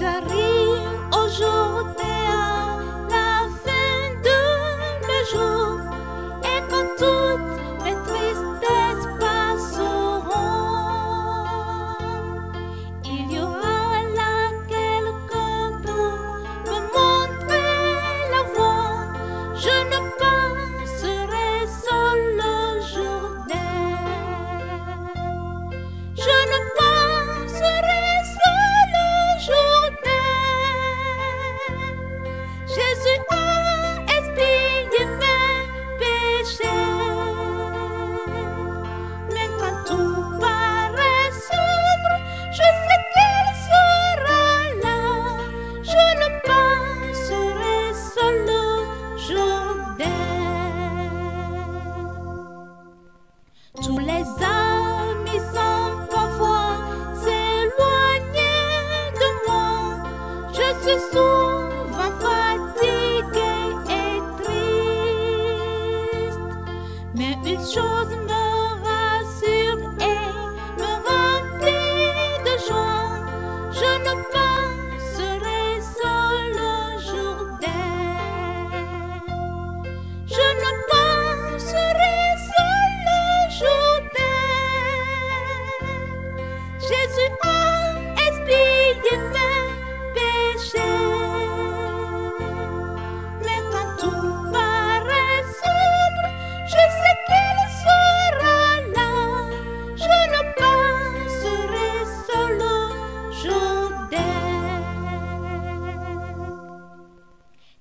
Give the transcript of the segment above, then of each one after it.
Ya joy.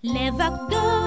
Levak do